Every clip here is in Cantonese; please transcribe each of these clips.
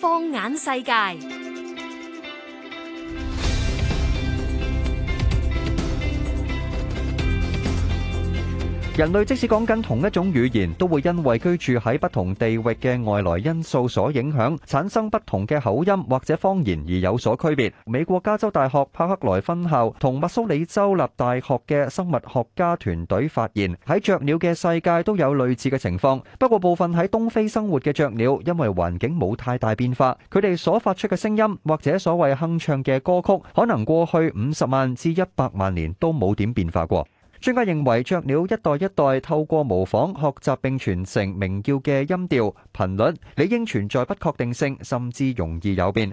放眼世界。人類即使講緊同一種語言，都會因為居住喺不同地域嘅外來因素所影響，產生不同嘅口音或者方言而有所區別。美國加州大學柏克萊分校同密蘇里州立大學嘅生物學家團隊發現，喺雀鳥嘅世界都有類似嘅情況。不過部分喺東非生活嘅雀鳥，因為環境冇太大變化，佢哋所發出嘅聲音或者所謂哼唱嘅歌曲，可能過去五十萬至一百萬年都冇點變化過。專家認為，雀鳥一代一代透過模仿、學習並傳承鳴叫嘅音調頻率，理應存在不確定性，甚至容易有變。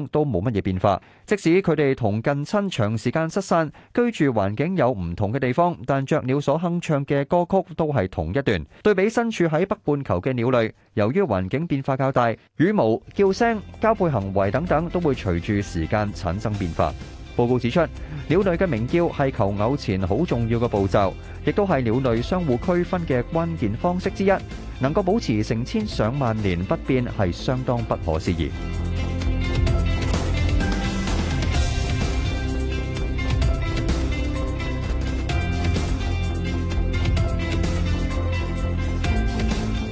都冇乜嘢變化。即使佢哋同近親長時間失散，居住環境有唔同嘅地方，但雀鳥所哼唱嘅歌曲都係同一段。對比身處喺北半球嘅鳥類，由於環境變化較大，羽毛、叫聲、交配行為等等都會隨住時間產生變化。報告指出，鳥類嘅鳴叫係求偶前好重要嘅步驟，亦都係鳥類相互區分嘅關鍵方式之一。能夠保持成千上萬年不變係相當不可思議。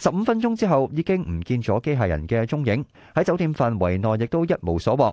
十五分鐘之後，已經唔見咗機械人嘅蹤影，喺酒店範圍內亦都一無所獲。